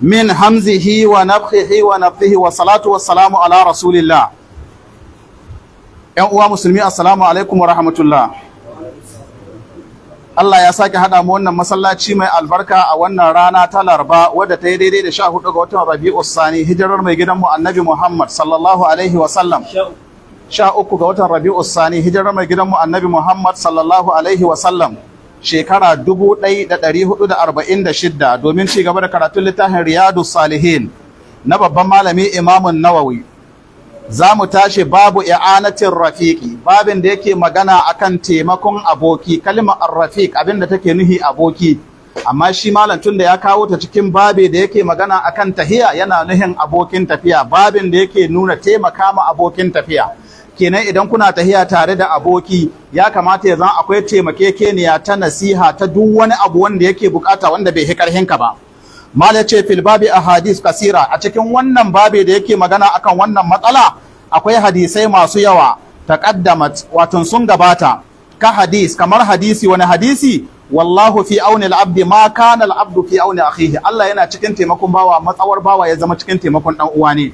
Min من wa ونفخه wa والصلاة والسلام على ala rasulillah. ‘yan uwa musulmi assalamu alaikum wa rahmatullah Allah ya sake haɗa mu wannan masallaci mai albarka a wannan rana ta laraba wadda ta yi daidai da sha hudu ga watan rabi'u sani hijirar mai gidanmu annabi muhammad sallallahu alaihi wa sallam sha uku ga watan rabi'u sani hijirar mai gidanmu annabi muhammad sallallahu alaihi wa sallam shekara 1446 domin ci gaba da karatun littafin Riyadu Salihin na babban malami Imamun Nawawi. Za mu tashi babu i'anatin rafiki, babin da yake magana akan taimakon aboki kalmar rafiq da take nuhi aboki amma shi malam tun da ya kawo ta cikin babi da yake magana akan tahiya yana nuhin abokin tafiya babin da yake nuna taimaka ma abokin tafiya kenan idan kuna tahiya tare da aboki ya kamata ya zan akwai taimakekeniya ta nasiha ta duk wani abu wanda yake bukata wanda bai hikarhinka ba mala ce fil babi hadis kasira a cikin wannan babi da yake magana akan wannan matsala akwai hadisai masu yawa kaddamat wato sun gabata ka hadis kamar hadisi wani hadisi wallahu fi auni abdi ma kana abdu fi auni akhihi Allah yana cikin taimakon bawa matsawar bawa ya zama cikin taimakon dan uwa ne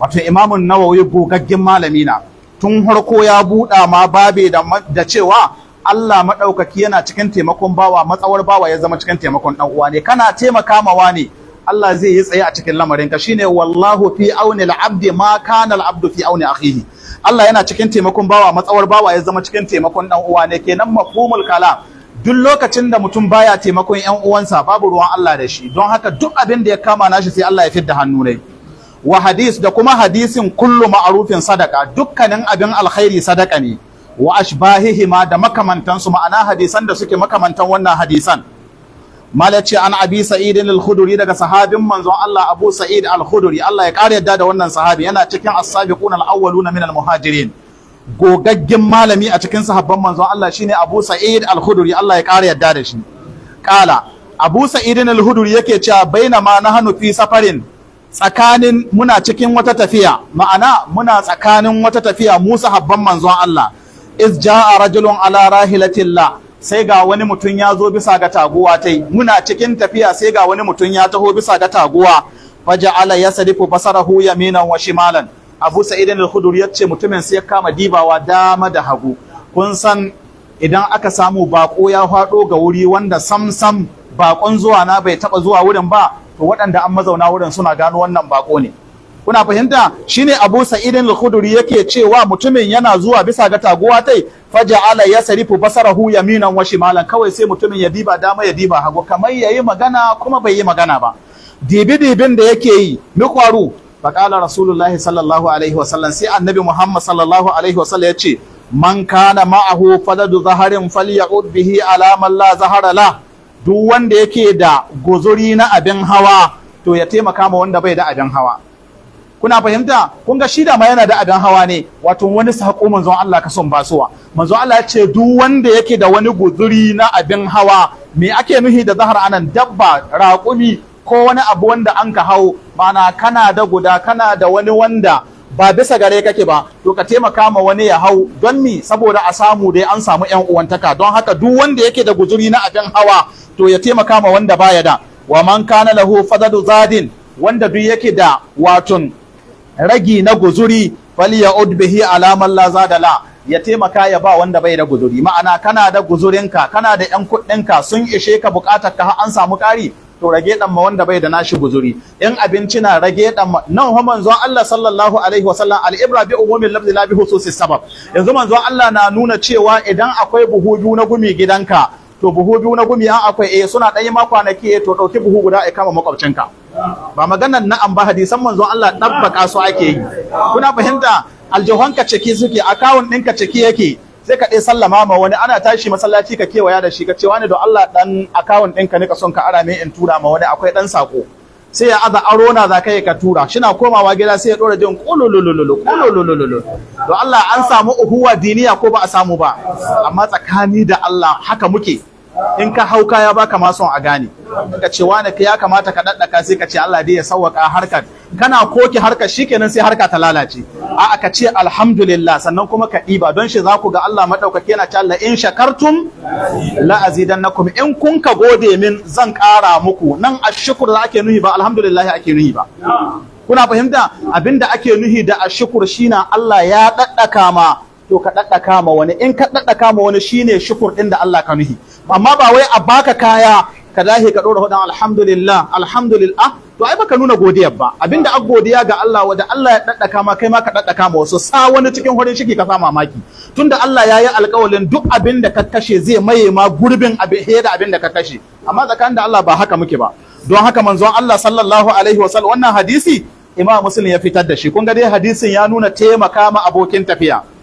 wato imamun nawawi gogaggen malami na tun harko ya buɗa ma babe da cewa Allah maɗaukaki yana cikin taimakon bawa matsawar bawa ya zama cikin taimakon ɗan uwa ne kana taimaka wa ne Allah zai yi tsaye a cikin lamarin ka shine wallahu fi auni al-abdi ma kana al-abdu fi auni akhihi Allah yana cikin taimakon bawa matsawar bawa ya zama cikin taimakon ɗan uwa ne kenan mafhumul kala. duk lokacin da mutum baya taimakon ƴan uwansa babu ruwan Allah da shi don haka duk abin da ya kama nashi sai Allah ya fidda hannu ne wa hadis da kuma hadisin kullu ma'arufin sadaka dukkanin abin alkhairi sadaka ne wa ashbahihima da makamantansu ma'ana hadisan da suke makamantan wannan hadisan malaci an abi sa'id al khuduri daga sahabin manzon Allah Abu Sa'id al khuduri Allah ya kare yadda da wannan sahabi yana cikin as-sabiqun al-awwaluna min al-muhajirin gogaggen malami a cikin sahabban manzon Allah shine Abu Sa'id al khuduri Allah ya kare yadda da shi kala Abu Sa'id al khuduri yake cewa bainama nahnu fi safarin tsakanin muna cikin wata tafiya ma'ana muna tsakanin wata tafiya musa, habban manzon Allah iz jaa rajulun ala rahilatillah sai ga wani mutum ya zo bisa ga taguwa tai muna cikin tafiya sai ga wani mutum ya taho bisa ga taguwa faja'ala yasrifu basarahu yaminan wa shimalan Abu sa'idin al ya yace mutumin sai ya kama dibawa dama da hagu kun san idan aka samu bako ya haɗo ga wuri wanda samsam bakon zuwa na bai taɓa zuwa wurin ba to waɗanda an mazauna wurin suna gano wannan bako ne kuna fahimta shine Abu Sa'idin al-Khudri yake cewa mutumin yana zuwa bisa ga taguwa tai faja'ala yasrifu basarahu yaminan wa shimalan kawai sai mutumin ya diba dama ya diba hagu kamar yayi magana kuma bai yi magana ba dibi dibin da yake yi mikwaru faqala rasulullahi sallallahu alaihi wa sallam sai annabi Muhammad sallallahu alaihi wa sallam yace man kana ma'ahu Fadadu zaharin falya'ud bihi ala la zahara la duk wanda yake da guzuri na abin hawa to ya taimaka ma wanda bai da abin hawa kuna fahimta kun ga shi da ma yana da abin hawa ne wato wani sako manzon Allah ka son basuwa manzon Allah ya ce duk wanda yake da wani guzuri na abin hawa me ake nuhi da zahar anan dabba raƙumi ko wani abu wanda an ka hau mana kana da guda kana da wani wanda ba bisa gare kake ba to ka taimaka ma wani ya hau don mi saboda a samu dai an samu yan uwantaka don haka duk wanda yake da guzuri na abin hawa to ya taimaka ma wanda baya da wa man kana lahu fadadu zadin wanda duk yake da watun ragi na guzuri falya'ud udbihi alaman la zadala ya taimaka ya ba wanda bai da guzuri ma'ana kana da guzurinka kana da yan kuɗinka sun ishe ka bukatar ka an samu ƙari to rage dan ma wanda bai da nashi guzuri in abinci na rage dan ma nan ho manzo Allah sallallahu alaihi wasallam al-ibra bi umumil lafzi la bi hususi sabab yanzu manzon Allah na nuna cewa idan akwai buhu biyu na gumi gidanka to buhu biyu na gumi an akwai eh suna yi ma kwanaki eh to ɗauki buhu guda ai kama makwabcinka ba maganar na'am ba hadisan manzon Allah dabbaka su ake yi kuna fahimta aljohanka ciki suke akawun ɗinka ciki yake sai ka ɗai sallama ma wani ana tashi masallaci ka kewaya da shi ka ce wani don Allah ɗan akawun ɗinka ne ka son ka ara mai in tura ma wani akwai ɗan saƙo sai ya aza aro na za ka ka tura shina komawa gida sai ya ɗora jin kulululululu kulululululu don Allah an samu uhuwa diniya ko ba a samu ba amma tsakani da Allah haka muke in ka hau kaya baka ma son a gane ka ce ka ya kamata ka daddaka sai ka ce Allah dai ya sauwaka harkar kana koki harkar shikenan sai harka ta lalace a ka ce alhamdulillah sannan kuma ka ɗiba don shi za ku ga Allah madaukaki yana ce Allah in shakartum la azidannakum in kun ka gode min zan kara muku nan shukur za ake nuhi ba alhamdulillah ake nuhi ba kuna fahimta abinda ake nuhi da shi shine Allah ya daddaka ma to ka daddaka kama wani in ka daddaka kama wani shine shukur ɗin da Allah ka nuhi amma ba wai a baka kaya ka dahi ka ɗora hudan alhamdulillah alhamdulillah to ai baka nuna godiya ba abinda ak godiya ga Allah wanda Allah ya daddaka kama kai ma ka daddaka kama wasu sa wani cikin horin shiki ka sa mamaki tunda Allah ya yi alƙawalin duk abinda ka kashe zai maye ma gurbin abin da abinda ka kashe amma tsakanin da Allah ba haka muke ba don haka manzon Allah sallallahu alaihi wa sallam wannan hadisi Imam Muslim ya fitar da shi kun ga dai hadisin ya nuna taimaka ma abokin tafiya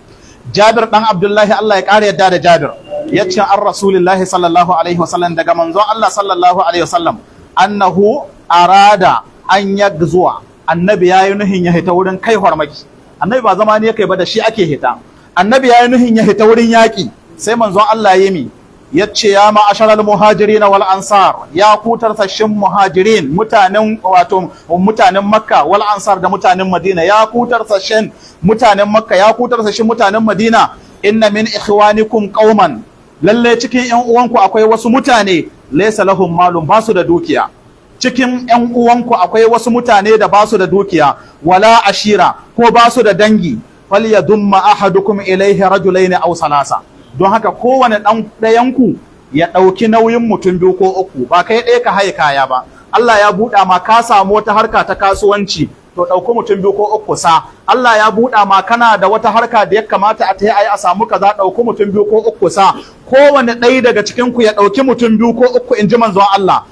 Jabir dan Abdullahi Allah ya ƙara yadda da Jabir Ya ce an Rasulullahi sallallahu alaihi wasallam daga manzo Allah sallallahu alaihi wasallam annahu arada an yagzuwa annabi yayi nuhin ya hita wurin kai hormaki annabi ba zama ne kai ba da shi ake hita annabi yayi nuhin ya hita wurin yaki sai manzon Allah ya yi yace ya ma'asharal muhajirin wal ansar ya ku tarsashin muhajirin mutanen wato mutanen makka wal ansar da mutanen madina ya ku tarsashin mutanen makka ya ku tarsashin mutanen madina inna min ikhwanikum qauman lalle cikin yan uwanku akwai wasu mutane laysa lahum malum basu da dukiya cikin yan uwanku akwai wasu mutane da basu da dukiya wala ashira ko basu da dangi falyadumma ahadukum ilayhi rajulaini aw salasa don haka kowane ɗan ɗayanku ya ɗauki nauyin mutum biyu ko uku ba kai ɗaya ka haye kaya ba Allah ya buɗa ma ka samu wata harka ta kasuwanci to ɗauko mutum biyu ko uku sa Allah ya buɗa ma kana da wata harka da ya kamata a tayi a samu kaza ɗauko mutum biyu ko uku sa kowane ɗaya daga cikin ku ya ɗauki mutum biyu ko uku in ji manzon Allah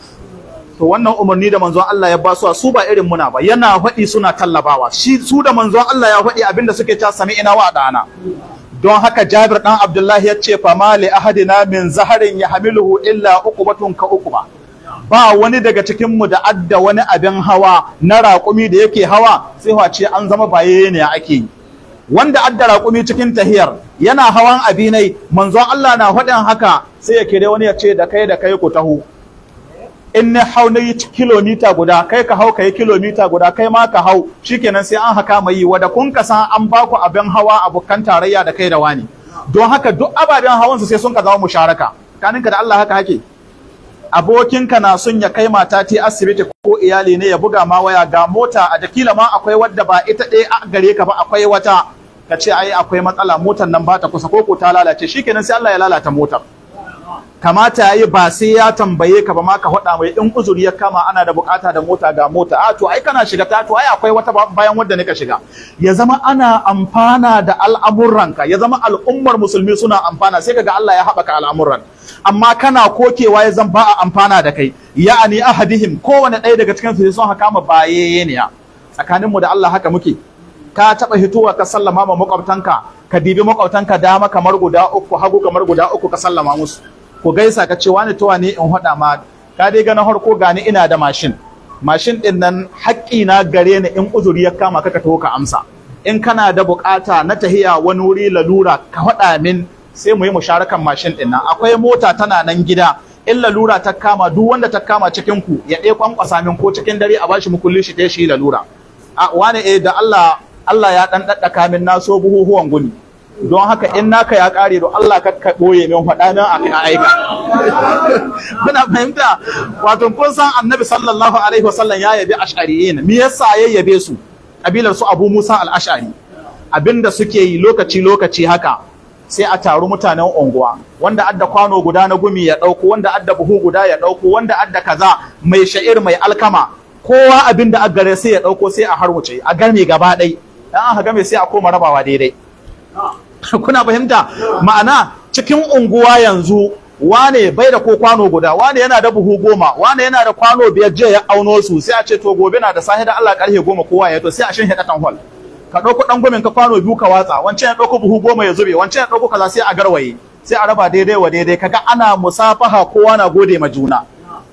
to wannan umarni da manzon Allah ya ba su su ba irin muna ba yana faɗi suna tallabawa shi su da manzon Allah ya faɗi abinda suke ca ina wa da'ana don haka Jabir dan Abdullahi ya ce fama li ahadina min zaharin yahmiluhu illa uku batun ka uku ba ba wani daga cikin mu da adda wani abin hawa na raƙumi da yake hawa sai wace an zama baye ne ake yi wanda adda raƙumi cikin tahiyar yana hawan abinai manzon Allah na faɗin haka sai ya kire wani ya ce da kai da kai ku taho in na hau na yi kilomita guda kai ka hau ka yi kilomita guda kai ma ka hau shikenan sai an haka mai yi wada kun ka san an baku abin hawa abokan tarayya da kai da wani don haka duk ababen hawan su sai sun ka zama musharaka ka da Allah haka hake abokinka na sun ya kai mata ta asibiti ko iyali ne ya buga ma waya ga mota a jakila ma akwai wadda ba ita ɗaya a gare ka ba akwai wata ka ce ai akwai matsala motar nan ba ta kusa ko ko ta lalace shikenan sai Allah ya lalata motar kamata ya yi ba sai ya tambaye ka ba ma ka faɗa mai in uzuri ya kama ana da bukata da mota ga mota a to ai kana shiga ta to ai akwai wata bayan wanda nika shiga ya zama ana amfana da al'amuranka ya zama al'ummar musulmi suna amfana sai kaga Allah ya haɓaka al'amuran amma kana kokewa ya zan ba a amfana da kai ya'ani ahadihim kowane ɗaya daga cikin su sun haka ma baye ne tsakaninmu da Allah haka muke ka taɓa hitowa ka sallama ma makwabtanka ka dibi makwabtanka dama kamar guda uku hagu kamar guda uku ka sallama musu ku gaisa ka ce wani towa ne in hada ma ka dai gana harko gani ina da mashin mashin ɗin nan haƙƙi na gare ni in uzuri ya kama ka ka taho ka amsa in kana da buƙata na tahiya wani wuri lalura ka haɗa min sai mu yi musharakan mashin ɗin nan akwai mota tana nan gida in lalura ta kama duk wanda ta kama cikin ku ya ɗaya kwankwasa min ko cikin dare a bashi mukulli shi ɗaya shi lalura a wani eh da Allah Allah ya ɗan ɗaɗɗaka min na so buhuhuwan guni don haka in naka ya kare don Allah ka ka boye min faɗa nan a aika kuna fahimta wato kun san annabi sallallahu alaihi wasallam ya yabi ash'ariyin me yasa ya yabe su kabilar su Abu Musa al-Ash'ari abinda suke yi lokaci lokaci haka sai a taru mutanen unguwa wanda adda kwano guda na gumi ya dauko wanda adda buhu guda ya dauko wanda adda kaza mai sha'ir mai alkama kowa abinda a gare sai ya dauko sai a harwace a game gaba ɗaya. dan an game sai a koma rabawa daidai kuna fahimta ma'ana cikin unguwa yanzu wane bai da ko kwano guda wane yana da buhu goma wane yana da kwano biyar je ya auno su sai a ce to gobe na da sahi da Allah karhe goma kowa ya to sai a shin hidatan hol ka ɗauko ɗan gomin ka kwano biyu ka watsa wancan ya ɗauko buhu goma ya zube wancan ya ɗauko kaza sai a garwaye sai a raba daidai wa daidai kaga ana musafaha kowa na gode ma juna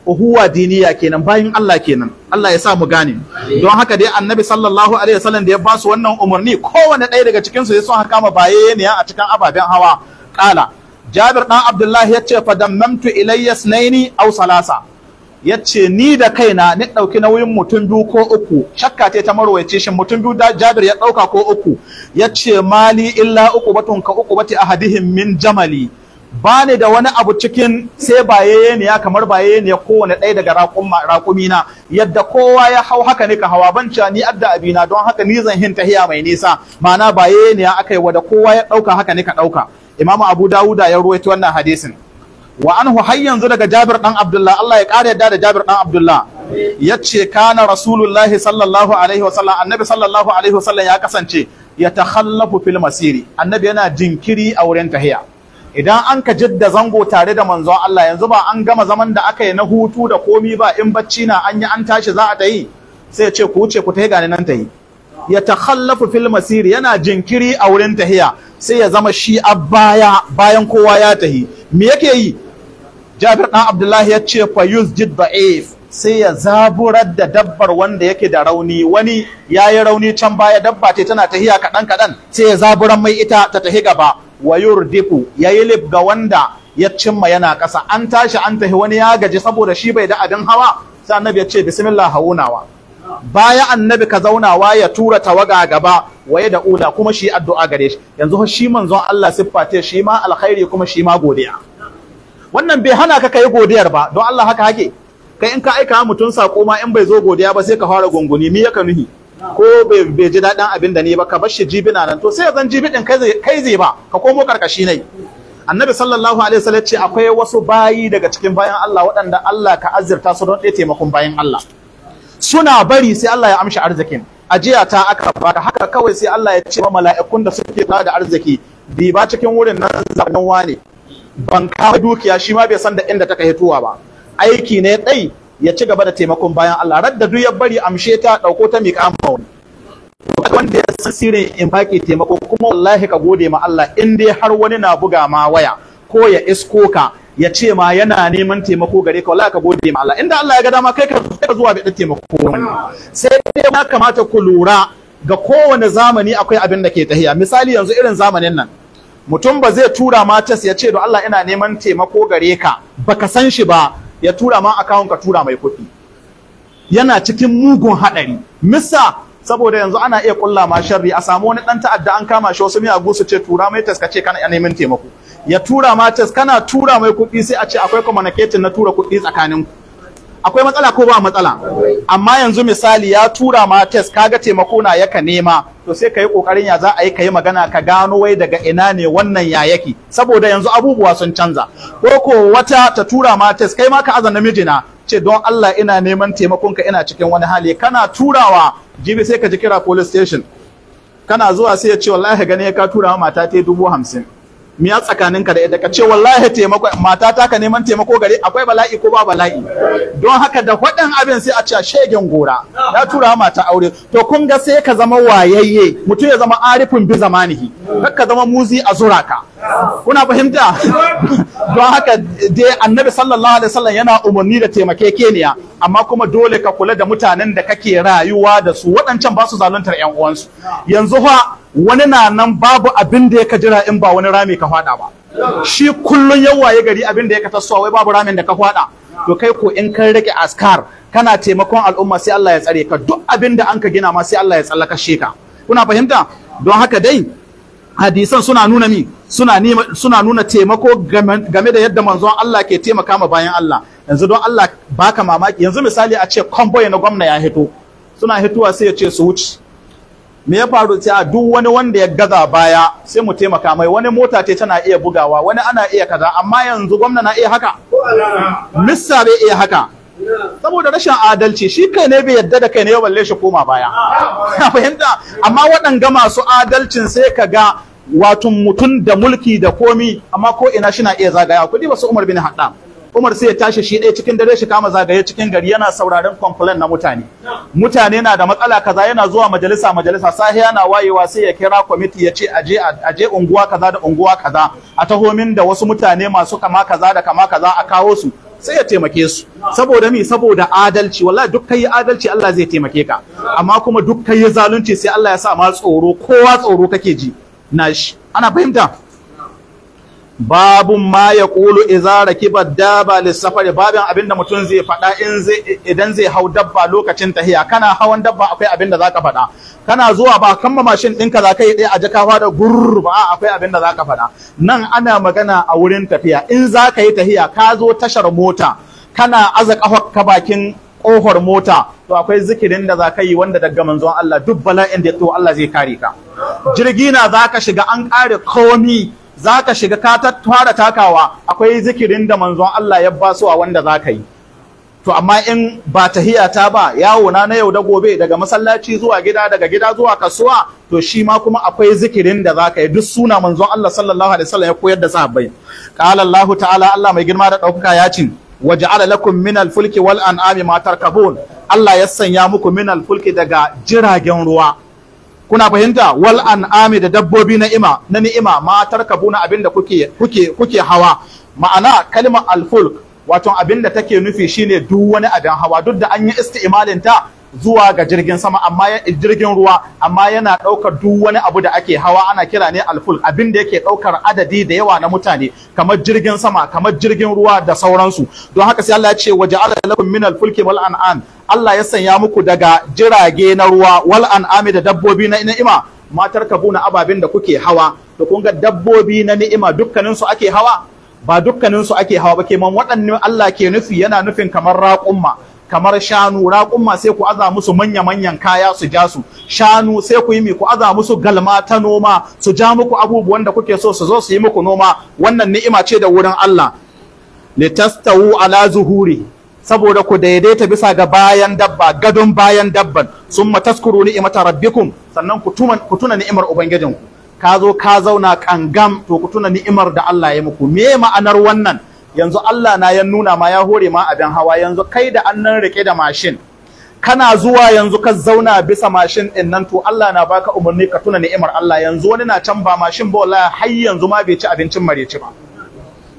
uhuwa diniya kenan bayan Allah kenan Allah ya sa mu gane don haka dai annabi sallallahu alaihi wasallam da ya ba su wannan umarni kowanne ɗaya daga cikin su ya so haka ma baye ne a cikin ababen hawa kala Jabir dan Abdullahi ya ce fadammamtu ilayya snaini aw salasa ya ce ni da kaina ni ɗauki nauyin mutum biyu ko uku shakka ta marwaice shin mutum biyu da Jabir ya ɗauka ko uku ya ce mali illa uku batun ka uku bati ahadihim min jamali ba ni da wani abu cikin sai bayaye ne ya kamar bayaye ne kowane ɗaya daga raƙumina yadda kowa ya hau haka ne ka hawa banca ni adda abina don haka ni zan hin tahiya mai nisa ma'ana bayaniya ne ya aka yi wada kowa ya ɗauka haka ne ka ɗauka imamu abu dawuda ya ruwaito wannan hadisin wa anhu har yanzu daga jabir dan abdullah Allah ya ƙara yadda da jabir dan abdullah yace kana rasulullahi sallallahu alaihi wasallam annabi sallallahu alaihi wasallam ya kasance ya takhallafu fil masiri annabi yana jinkiri a wurin tahiya idan an ka jidda zango tare da manzon Allah yanzu ba an gama zaman da aka yi na hutu da komi ba in bacci na an yi an tashi za a ta yi sai ce ku wuce ku ta yi gane nan ta yi ya takhallafu fil masiri yana jinkiri a wurin tahiya sai ya zama shi a baya bayan kowa ya tahi me yake yi Jabir dan Abdullahi ya ce fa yusjid da'if sai ya zaburar da dabbar wanda yake da rauni wani yayi rauni can baya dabba ce tana tahiya kadan kadan sai ya zaburar mai ita ta tahi gaba wa yurdiku yi lif ga wanda ya cimma yana ƙasa an tashi an tahi wani ya gaji saboda shi bai da abin hawa sai annabi ya ce bismillah Haunawa. baya annabi ka zaunawa ya tura tawaga gaba waye da ula kuma shi addu'a gare shi yanzu shi manzon Allah siffa ce shi ma alkhairi kuma shi ma godiya wannan bai hana ka kai godiyar ba don Allah haka hake kai in ka aika mutum sako ma in bai zo godiya ba sai ka fara gunguni me yaka nuhi ko bai ji daɗin abin da ni ba ka bashi shi jibina nan to sai ya zan jibi ɗin kai zai ba ka komo karkashi ne annabi sallallahu alaihi wasallam ce akwai wasu bayi daga cikin bayan Allah waɗanda Allah ka azirta su don ɗaya taimakon bayan Allah suna bari sai Allah ya amshi arzikin ajiya ta aka ka haka kawai sai Allah ya ce wa mala'ikun da suke kula da arziki bi ba cikin wurin nan zanen wane ban ka dukiya shi ma bai san da inda taka hitowa ba aiki ne dai ya ci gaba da taimakon bayan Allah radda duk ya bari amshe ta dauko ta miƙa ma wani wanda ya san sirrin in baki taimako kuma wallahi ka gode ma Allah in dai har wani na buga ma waya ko ya isko ka ya ce ma yana neman taimako gare ka wallahi ka gode ma Allah inda Allah ya ga dama kai ka zuwa bi taimako sai dai ya kamata ku lura ga kowane zamani akwai abin da ke tahiya misali yanzu irin zamanin nan mutum ba zai tura ma ya ce do Allah ina neman taimako gare ka baka san shi ba ya tura ma akawun ka tura mai kuɗi yana cikin mugun haɗari misa saboda yanzu ana iya ƙulla ma sharri a samu wani ɗan ta'adda an kama shi wasu miyagu su ce tura mai tas ce kana neman taimako ya tura ma tas kana tura mai kuɗi sai a ce akwai communicating na tura kuɗi tsakaninku akwai matsala ko ba matsala amma yanzu misali ya tura ma test kaga taimako na yaka nema to sai ka yi kokarin ya za a yi ka yi magana ka gano wai daga ina ne wannan ya yake saboda yanzu abubuwa sun canza ko ko wata ta tura ma test kai ma ka azana mijina ce don Allah ina neman taimakon ka ina cikin wani hali kana turawa jibi sai ka ji kira police station kana zuwa sai ya ce wallahi gane ka tura ma mata ta dubu hamsin mi ya ka da ita ka ce wallahi taimako mata ta ka neman taimako gare akwai bala'i ko ba bala'i don haka da wadan abin sai a ci a shegen gora ya tura mata aure to kun ga sai ka zama wayayye mutum ya zama arifin bi zamanihi kar ka zama muzi a zuraka kuna fahimta don haka dai annabi sallallahu alaihi wasallam yana umarni da keniya amma kuma dole ka kula da mutanen da kake rayuwa da su waɗancan ba su zaluntar ƴan uwansu yanzu fa wani na nan babu abin da ya jira in ba wani rami ka faɗa ba shi kullun yawaye gari abin da ya tasowa wai babu ramin da ka fada to kai ko in kan rike askar kana taimakon al'umma sai Allah ya tsare ka duk abin da anka gina ma sai Allah ya tsallaka ka kuna fahimta don haka dai hadisan suna nuna mi suna suna nuna taimako game da yadda manzon Allah ke taimaka ma bayan Allah yanzu don Allah baka mamaki yanzu misali a ce convoy na gwamna ya hito suna hituwa sai ya ce su wuce me ya faru ce a duk wani wanda ya gaza baya sai mu taimaka mai wani mota ce tana iya bugawa wani ana iya kaza amma yanzu gwamna na iya haka missa bai iya haka saboda rashin adalci shi kai ne bai yadda da kai ne ya balle shi koma baya fahimta amma waɗanga masu adalcin sai ka ga wato mutum da mulki da komi amma ko ina shi na iya zagaya kudi ba su Umar bin Haddam Umar sai ya tashi shi ɗaya cikin dare shi kama zagaye cikin gari yana sauraron complain na mutane. Mutane na da matsala kaza yana zuwa majalisa majalisa sahi na wayewa sai ya kira kwamiti ya ce aje aje unguwa kaza da unguwa kaza a tahomin da wasu mutane masu kama kaza da kama kaza a kawo su sai ya taimake su saboda mi saboda adalci wallahi duk kai adalci Allah zai taimake ka amma kuma duk kai zalunci sai Allah ya sa ma tsoro kowa tsoro kake ji nashi ana fahimta babun ma ya ƙulu izara kibar daba lissafari babin abinda mutum zai faɗa idan zai hau dabba lokacin tahiya kana hawan dabba akwai abinda zaka faɗa kana zuwa ba kamma mashin ɗinka za ka yi ɗaya a jaka da gurr ba akwai abinda zaka faɗa nan ana magana a wurin tafiya in za ka yi tahiya ka zo tashar mota kana aza ka bakin ƙofar mota to akwai zikirin da za ka yi wanda daga manzon Allah duk bala'in da ya Allah zai kare ka jirgi na za ka shiga an ƙare komi za ka shiga ka tattara takawa akwai zikirin da manzon Allah ya ba a wanda za ka yi to amma in ba tahiya ta ba yawo na na yau da gobe daga masallaci zuwa gida daga gida zuwa kasuwa to shi ma kuma akwai zikirin da za ka yi duk suna manzon Allah sallallahu alaihi wasallam ya koyar da sahabbai qala Allah ta'ala Allah mai girma da daukaka ya ce waj'ala lakum minal fulki wal an'ami ma tarkabun Allah ya sanya muku minal fulki daga jiragen ruwa kuna fahimta wal an'ami da dabbobi na ima na ni'ima ma tarkabuna abinda kuke kuke kuke hawa ma'ana kalmar alfulk wato abinda take nufi shine duk wani abin hawa duk da an yi isti'malin ta zuwa ga jirgin sama amma jirgin ruwa amma yana ɗaukar duk wani abu da ake hawa ana kira ne alful abin da yake ɗaukar adadi da yawa na mutane kamar jirgin sama kamar jirgin ruwa da sauransu don haka sai Allah ya ce waje lakum min alfulki wal an'am Allah ya sanya muku daga jirage na ruwa wal an'ami da dabbobi na ni'ima matar kabuna ababen da kuke hawa to kun ga dabbobi na ni'ima dukkaninsu ake hawa ba dukkaninsu ake hawa ba kenan waɗannan Allah ke nufi yana nufin kamar raƙumma kamar shanu raƙumma sai ku aza musu manya-manyan kaya su ja su shanu sai ku yi mi ku aza musu galma ta noma su ja muku abubuwan da kuke so su zo su yi muku noma wannan ni'ima ce da wurin Allah litastawu ala zuhuri saboda ku daidaita bisa ga bayan dabba gadon bayan dabban sun mataskuru ni'imata rabbikum sannan ku tuna ku tuna ni'imar ubangijinku ka zo ka zauna kangam to ku tuna ni'imar da Allah ya muku me ma'anar wannan yanzu Allah na ya nuna ma ya hore ma abin hawa yanzu kai da annan rike da mashin kana zuwa yanzu ka zauna bisa mashin din nan to Allah na baka umarni ka tuna ni'imar Allah yanzu wani na can ba mashin ba wallahi har yanzu ma bai ci abincin mareci ba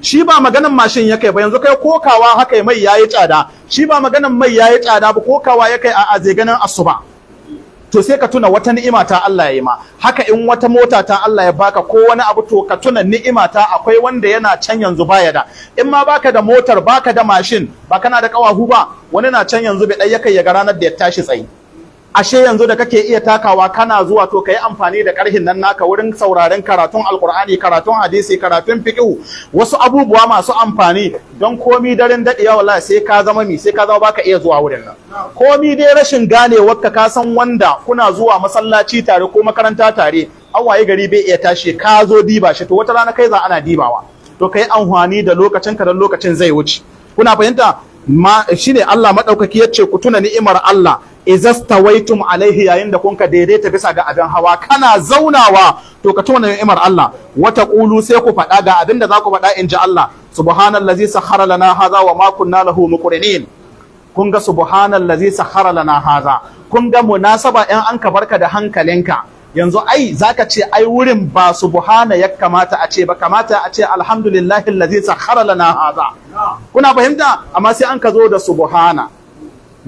shi ba maganan mashin ya kai ba yanzu kai kokawa haka mai yayi tsada shi ba maganan mai yayi tsada ba kokawa ya kai a zai ganin asuba to sai ka tuna wata ni'ima ta Allah ya yi ma haka in wata mota ta Allah ya baka ko wani abu to ka tuna ni'ima ta akwai wanda yana can yanzu baya da in ma baka da motar baka da mashin ba kana da kawahu ba wani na can yanzu bai dai yakai ya ga ranar da ya tashi tsayi. ashe yanzu da kake iya takawa kana zuwa to kai amfani da karhin nan naka wurin sauraren karatun alkur'ani karatun hadisi karatun fiqh wasu abubuwa masu amfani don komi daren ya wallahi sai ka zama mi sai ka zama baka iya zuwa wurin nan komi dai rashin gane wakka ka san wanda kuna zuwa masallaci tare ko makaranta tare awaye gari bai iya tashi ka zo diba shi to wata rana kai za ana dibawa to kai amfani da lokacin ka dan lokacin zai wuce kuna fahimta ma shine Allah madaukaki yace ku tuna ni'imar Allah izastawaitum alaihi yayin da kunka daidaita bisa ga abin hawa kana zaunawa to ka tuna ni'imar Allah wata qulu sai ku faɗa ga abin da za ku faɗa in ji Allah subhanallazi sahara lana hadha wa ma kunna lahu muqrinin kun ga subhanallazi sahara lana hadha kun ga munasaba in an ka barka da hankalinka yanzu ai zaka ce ai wurin ba subhana ya kamata a ce ba kamata a ce alhamdulillahi allazi sahara lana hadha kuna fahimta amma sai an ka zo da subhana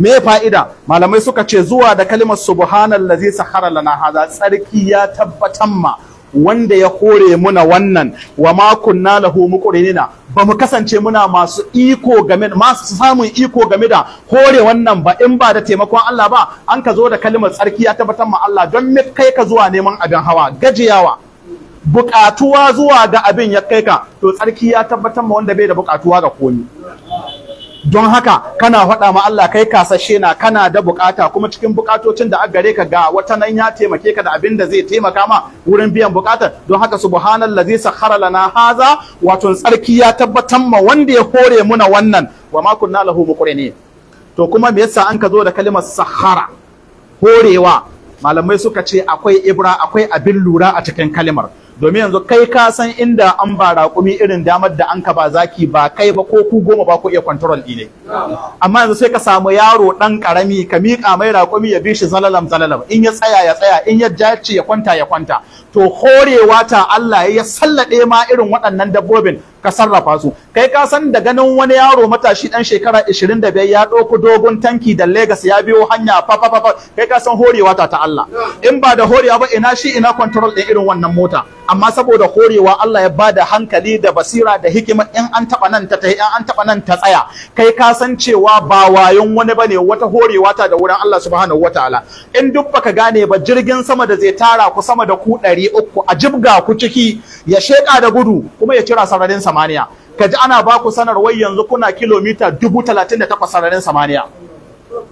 me fa'ida malamai suka ce zuwa da kalimar subhanallazi sahara lana hada tsarki ya tabbatan ma wanda ya kore muna wannan wa ma kunna lahu muqrinina ba mu kasance muna masu iko game masu samun iko game da kore wannan ba in ba da taimakon Allah ba an ka zo da kalimar tsarki ya tabbatar ma Allah don me kai ka zuwa neman abin hawa gajiyawa bukatuwa zuwa ga abin ya kai ka to tsarki ya tabbatar ma wanda bai da bukatuwa ga komi don haka kana faɗa ma Allah kai kasashe na kana da bukata kuma cikin bukatocin da aka gare ka ga wata nan ya taimake ka da abin da zai taimaka ma wurin biyan bukatar don haka subhanallazi sakhara lana haza wato tsarki ya tabbatar ma wanda ya kore muna wannan wa ma kunna lahu muqrini to kuma me yasa an ka zo da kalimar sahara horewa malamai suka ce akwai ibra akwai abin lura a cikin kalimar domin yanzu kai ka san inda an ba raƙumi irin damar da an ka ba zaki ba kai ba ko ku goma ba ku iya control ɗi ne amma yanzu sai ka samu yaro ɗan ƙarami ka miƙa mai raƙumi ya bi shi zalalam zalalam in ya tsaya ya tsaya in ya jace ya kwanta ya kwanta to horewa ta Allah ya sallade ma irin waɗannan dabbobin ka sarrafa su kai ka san da ganin wani yaro matashi dan shekara 25 ya ɗauko dogon tanki da Legas ya biyo hanya fa fa fa kai ka san horewa ta ta Allah in ba da horewa ba ina shi ina control din irin wannan mota amma saboda horewa Allah ya bada hankali da basira da hikima in an taba nan ta tai an taba nan ta tsaya kai ka san cewa ba wayon wani bane wata horewa ta da wurin Allah subhanahu wataala in duk baka gane ba jirgin sama da zai tara ku sama da ku 300 a jibga ku ciki ya sheka da gudu kuma ya cira sararin samaniya kaji ana ba ku sanar wai yanzu kuna kilomita dubu talatin da takwas sararin samaniya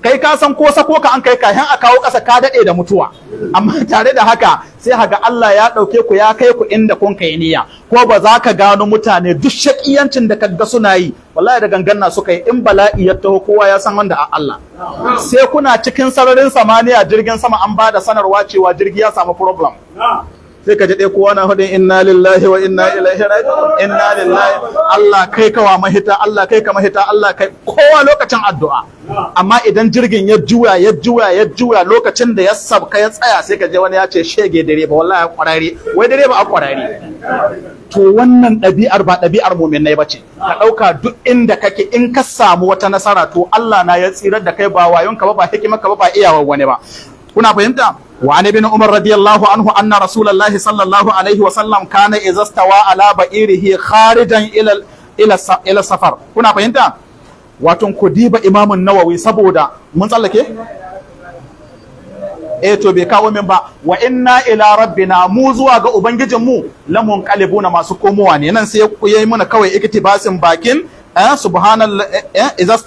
kai ka san ko sako ka an kai kayan a kawo ƙasa ka daɗe da mutuwa amma tare da haka sai haga Allah ya ɗauke ku ya kai ku inda kun kai niyya ko ba za ka gano mutane duk shaƙiyancin da kaga suna yi wallahi da ganganna suka yi in bala'i ya taho kowa ya san wanda a Allah sai kuna cikin sararin samaniya jirgin sama an ba da sanarwa cewa jirgi ya samu problem sai ka ji dai kowa na hudin inna lillahi wa inna ilaihi raji'un inna lillahi Allah kai kawa mahita Allah kai ka mahita Allah kai kowa lokacin addu'a amma idan jirgin ya juya ya juya ya juya lokacin da ya sabka ya tsaya sai ka je wani ya ce shege ba wallahi kwarari wai ba a kwarari to wannan ɗabi'ar ba ɗabi'ar na ba ce ka ɗauka duk inda kake in ka samu wata nasara to Allah na ya tsirar da kai ba wayonka ba ba hikimarka ba ba iyawar wani ba kuna fahimta wa ne bin umar radiyallahu anhu anna rasulullahi sallallahu alaihi wa sallam kana izastawa ala ba'irihi kharijan ila ila ila safar kuna fahimta wato ku diba imamun nawawi saboda mun tsallake eh to bai kawo min ba wa inna ila rabbina mu zuwa ga ubangijin mu lamun na masu komowa ne nan sai yayi mana kawai iktibasin bakin eh subhanallahi eh, eh idza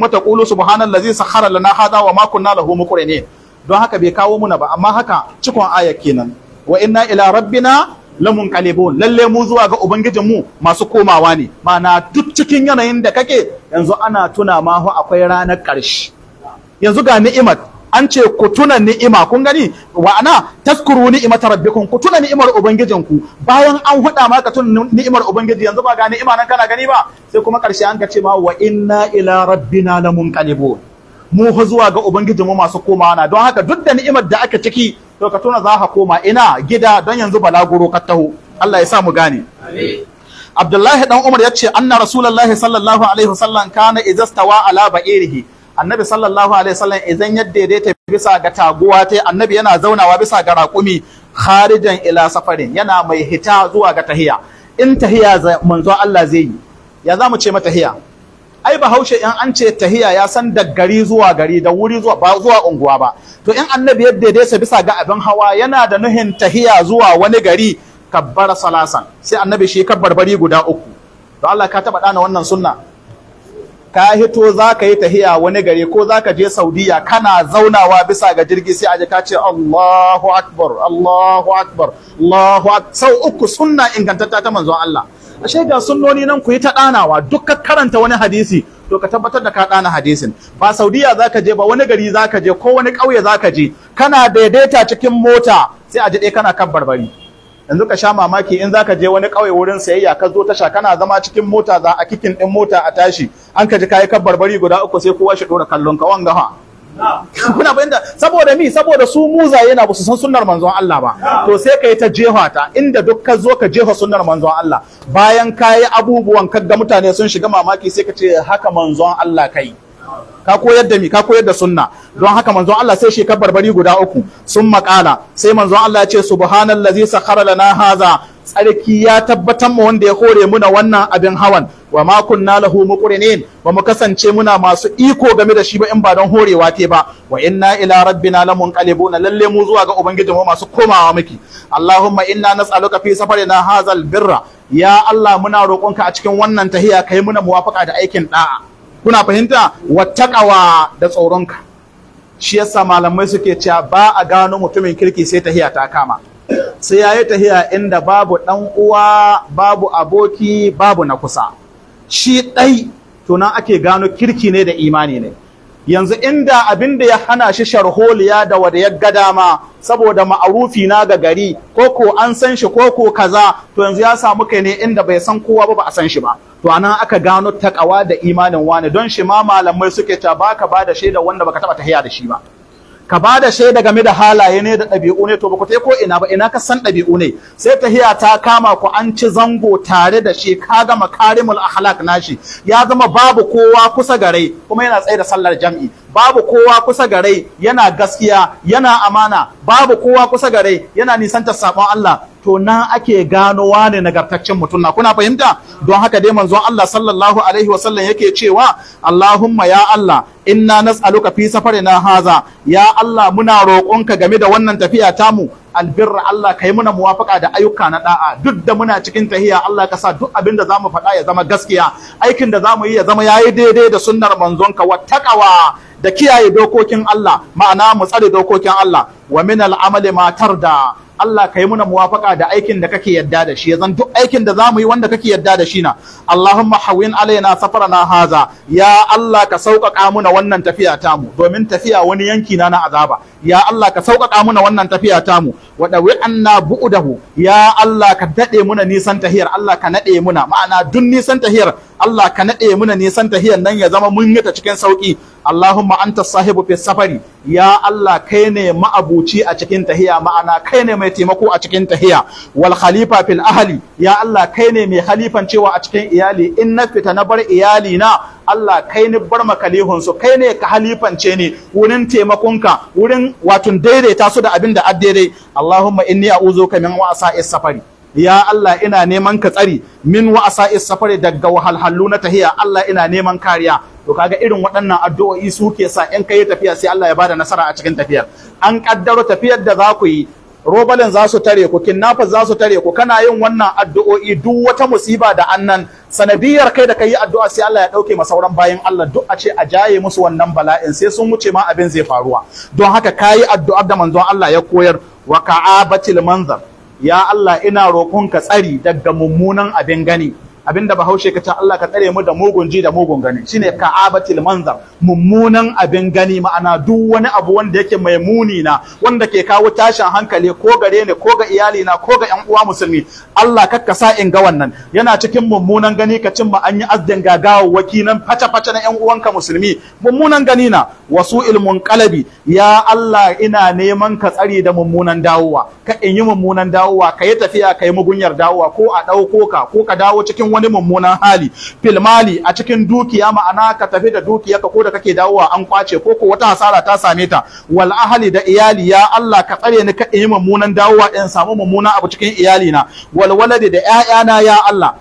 wa taqulu subhanallazi sakhara lana hada wa ma kunna lahu muqrinin don haka bai kawo muna ba amma haka cikon aya kenan wa inna ila rabbina lamun kalibun lalle mu zuwa ga ubangijin mu masu komawa ne ma'ana duk cikin yanayin da kake yanzu ana tuna ma akwai ranar karshe yanzu ga ni'imat an ce ku tuna ni'ima kun gani wa'ana taskuru ni'imat rabbikum ku tuna ni'imar ku bayan an huda ma ka tuna ni'imar ubangiji yanzu ba ga ni'ima nan kana gani ba sai kuma karshe an ka ce ma wa inna ila rabbina lamun kalibun mu fa zuwa ga ubangiji mu masu komawa na don haka duk da ni'imar da aka ciki to ka tuna za ka koma ina gida don yanzu balaguro ka taho Allah ya sa mu gane Abdullahi dan Umar ya ce anna Rasulullahi sallallahu alaihi wasallam kana izastawa ala ba'irihi annabi sallallahu alaihi wasallam idan ya daidaita bisa ga taguwa tai annabi yana zaunawa bisa ga raƙumi kharijan ila safarin yana mai hita zuwa ga tahiya in tahiya manzo Allah zai yi ya za ce mata tahiya ai bahaushe in an ce tahiya ya san da gari zuwa gari da wuri zuwa ba zuwa unguwa ba to in annabi ya daidaita bisa ga abin hawa yana da nuhin tahiya zuwa wani gari kabbara salasan sai annabi shi bari guda uku to Allah ka taba dana wannan sunna ka hito zaka yi tahiya wani gari ko zaka je saudiya kana zaunawa bisa ga jirgi sai aje ka ce Allahu akbar Allahu akbar Allahu akbar sau uku sunna ingantatta ta manzon Allah ashe ga sunnoni nan ku yi ta ɗanawa duk ka karanta wani hadisi to ka tabbatar da ka ɗana hadisin ba saudiya zaka je ba wani gari zaka je ko wani ƙauye zaka je kana daidaita cikin mota sai a je kana kan barbari yanzu ka sha mamaki in zaka je wani ƙauye wurin sayayya ka zo tasha kana zama cikin mota za a kikin ɗin mota a tashi an ka ji kayi kan barbari guda uku sai kowa shi ɗora kallon ka wanga ha kuna fahimta saboda mi saboda su muza yana ba su san sunnar manzon Allah ba to sai ka yi ta jefa ta inda duk ka zo ka jefa sunnar manzon Allah bayan ka yi abubuwan kadda mutane sun shiga mamaki sai ka ce haka manzon Allah kai ka koyar da mi ka koyar da sunna don haka manzon Allah sai shekar barbari guda uku sun makala sai manzon Allah ya ce subhanallazi sakhara lana haza tsarki ya tabbatar mu wanda ya hore muna wannan abin hawan wa ma kunna lahu muqrinin ba mu kasance muna masu iko game da shi ba in ba don horewa ke ba wa inna ila rabbina na lalle mu zuwa ga ubangiji mu masu komawa miki allahumma inna nas'aluka fi safarina hazal birra ya allah muna roƙonka a cikin wannan tahiya kai muna muwafaka da aikin da'a kuna fahimta wattaqawa da tsoronka shi yasa malamai suke cewa ba a gano mutumin kirki sai tahiya ta kama sai ya yi tahiya inda babu ɗan uwa babu aboki babu na kusa shi ɗai tunan ake gano kirki ne da imani ne yanzu inda abin da ya hana shi sharholiya da wada ya gada ma saboda ma'arufi na ga gari ko ko an san shi ko ko kaza to yanzu ya samu kai ne inda bai san kowa ba ba a san shi ba to anan aka gano takawa da imanin wani don shi ma malamai suke ta baka ba da shaida wanda baka taba tahiya da shi ba ka ba da shaida game da halaye ne da ɗabi'u ne to ba ku ko ina ba ina ka san ɗabi'u ne sai tahiya ta kama ku an ci zango tare da shi ka gama karimul akhlaq nashi ya zama babu kowa kusa gare kuma yana tsaye da sallar jam'i babu kowa kusa gare yana gaskiya yana amana babu kowa kusa gare yana nisantar sabon Allah to nan ake gano wane nagartaccen mutum na kuna fahimta don haka dai manzon Allah sallallahu alaihi wa sallam yake cewa Allahumma ya Allah inna nas'aluka fi safarina haza ya Allah muna roƙonka game da wannan tafiya tamu albirra Allah kai muna muwafaka da ayyuka na da'a duk da muna cikin tahiya Allah ka sa duk abin da zamu faɗa ya zama gaskiya aikin da zamu yi ya zama yayi daidai da sunnar manzonka wa taqwa da kiyaye dokokin Allah ma'ana mu tsare dokokin Allah wa min al'amali ma tarda Allah ka yi muna muwafaka da aikin da kake yadda da shi yanzu duk aikin da zamu yi wanda kake yadda da shi na Allahumma hawin alaina safarana haza ya Allah ka sauƙaƙa muna wannan tafiya tamu domin tafiya wani yanki na na azaba ya Allah ka sauƙaƙa muna wannan tafiya tamu wa dawi anna bu'dahu ya Allah ka dade muna nisan tahiyar Allah ka nade muna ma'ana duk nisan tahiyar Allah ka nade muna nisan tahiyar nan ya zama mun yi ta cikin sauki Allahumma anta sahibu fi safari ya Allah kai ne ma'abuci a cikin tahiya ma'ana kai ne mai taimako a cikin tahiya wal khalifa fil Ahali, ya Allah kai ne mai khalifan cewa a cikin iyali in na fita na bar iyali na Allah kai ni bar makalihun kai ne ka halifance ne. wurin taimakonka wurin watun daidaita su da abin da addai Allahumma inni a'uzuka min wa'asa safari ya Allah ina neman ka tsari min wa asa'is safari daga wahalhalu na tahiya Allah ina neman kariya to kaga irin waɗannan addu'o'i suke sa in kai tafiya sai Allah ya bada nasara a cikin tafiyar an kaddaro tafiyar da za ku yi robalin za su tare ku kinnafa za su tare ku kana yin wannan addu'o'i duk wata musiba da annan sanadiyar kai da kai yi addu'a sai Allah ya dauke ma sauran bayan Allah duk a ce a jaye musu wannan bala'in sai sun wuce ma abin zai faruwa don haka kayi addu'ar da manzon Allah ya koyar wa ka'abatil manzar ya Allah ina roƙonka tsari daga mummunan abin gani abinda bahaushe ka ce Allah ka tsare mu da mugun ji da mugun gani shine ka'abatil manzar mummunan abin gani ma'ana duk wani abu wanda yake mai muni na wanda ke kawo tashin hankali ko gare ni ko ga iyali na ko ga yan uwa musulmi Allah kakka sa in ga wannan yana cikin mummunan gani ka cimma an yi azdin gagawa wakinan fata fata na yan uwanka musulmi mummunan gani na wasu ilmun kalabi ya Allah ina neman ka tsari da mummunan dawowa ka in yi mummunan dawowa ka yi tafiya ka yi mugunyar dawowa ko a ɗauko ka ko ka dawo cikin wani mummunan hali fil a cikin dukiya ma'ana ka tafi da dukiya ka ko da kake dawowa an kwace ko ko wata hasara ta same ta wal ahli da iyali ya Allah ka tsare ni ka yi mummunan dawowa in samu mummunan abu cikin iyali na wal waladi da ƴaƴana ya Allah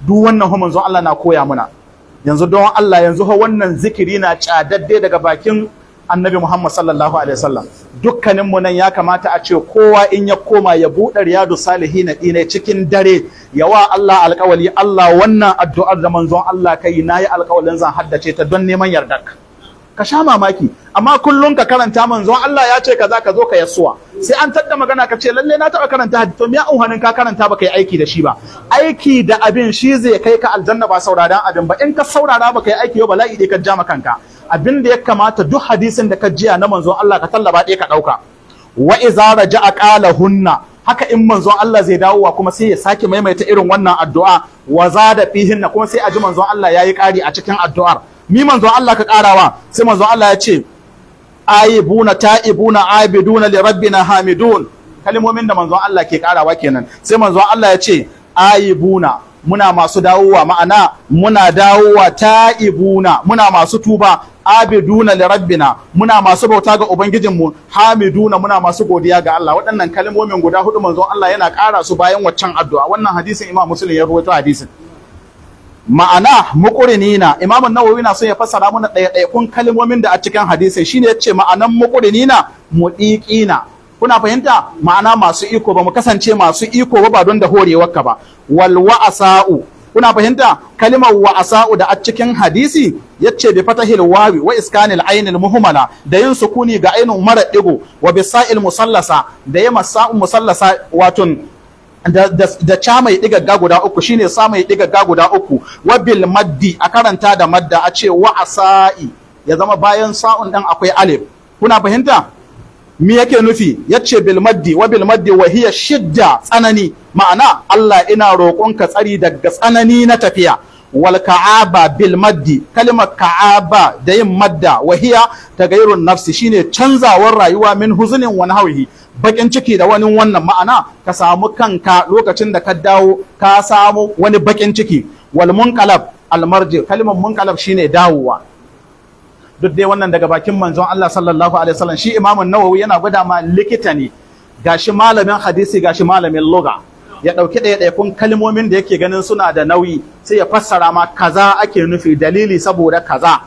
duk wannan hu manzo Allah na koya muna yanzu don Allah yanzu ho wannan zikiri na cadadde daga bakin annabi Muhammad sallallahu alaihi wasallam dukkanin mu nan ya kamata a ce kowa in ya koma ya buɗe riyadu salihin ɗine cikin dare ya wa Allah alƙawali Allah wannan addu'ar da manzon Allah kai nayi alƙawalin zan haddace ta don neman yardarka ka sha mamaki amma kullum ka karanta manzon Allah ya ce kaza ka zo ka yassuwa sai an tadda magana ka ce lalle na taba karanta to me auhanin ka karanta baka yi aiki da shi ba aiki da abin shi zai kai ka aljanna ba sauraron abin ba in ka saurara baka yi aiki ba bala'i dai ka ja kanka abin da ya kamata duk hadisin da ka jiya na manzon Allah ka tallaba ɗaya ka ɗauka wa iza raja'a qala hunna haka in manzon Allah zai dawo kuma sai ya sake maimaita irin wannan addu'a wa zada fihinna kuma sai a ji manzon Allah yi ƙari a cikin addu'ar mi manzon Allah ka ƙarawa sai manzon Allah ya ce aibuna ta'ibuna abiduna li rabbina hamidun kalmomin da manzon Allah ke ƙarawa kenan sai manzon Allah ya ce aibuna muna masu dawowa ma'ana muna dawowa ta'ibuna muna masu tuba abiduna li rabbina muna masu bauta ga ubangijin ubangijinmu hamiduna muna masu godiya ga Allah waɗannan kalmomin guda hudu manzon Allah yana ƙara su bayan waccan addu'a wannan hadisin Imam Muslim ya rawaito hadisin ma'ana muqrinina Imam Nawawi na so ya fassara mana kun kalmomin da a cikin hadisin shine yace ma'anan muqrinina mudiqina kuna fahimta ma'ana masu iko ba mu kasance masu iko ba don da horewarka ba wal wa'asa'u kuna fahimta kalimar wa asa'u da a cikin hadisi yace bi fatahil wawi wa iskanil ainil muhmala da yin sukuni ga ainun mara digo wa Sa'il musallasa da yin sa'un musallasa wato da ca mai digagga guda uku shine sa mai digagga guda uku wa bil maddi a karanta da madda a ce wa asa'i ya zama bayan sa'un dan akwai alif kuna fahimta me yake nufi yace bil maddi wa bil maddi wa hiya shidda tsanani ma'ana Allah ina ka tsari daga tsanani na tafiya wal ka'aba bil maddi kalmar ka'aba da yin madda wa hiya gairun nafsi shine canzawar rayuwa min huzunin wa nahwihi bakin ciki da wani wannan ma'ana ka samu kanka lokacin da ka dawo ka samu wani bakin ciki wal munqalab al marji kalmar munqalab shine dawowa duk dai wannan daga bakin manzon Allah sallallahu alaihi wasallam shi imamun nawawi yana gwada ma likita ne gashi malamin hadisi gashi malamin lugha ya ɗauki ɗaya ɗaya kun kalmomin da yake ganin suna da nauyi sai ya fassara ma kaza ake nufi dalili saboda kaza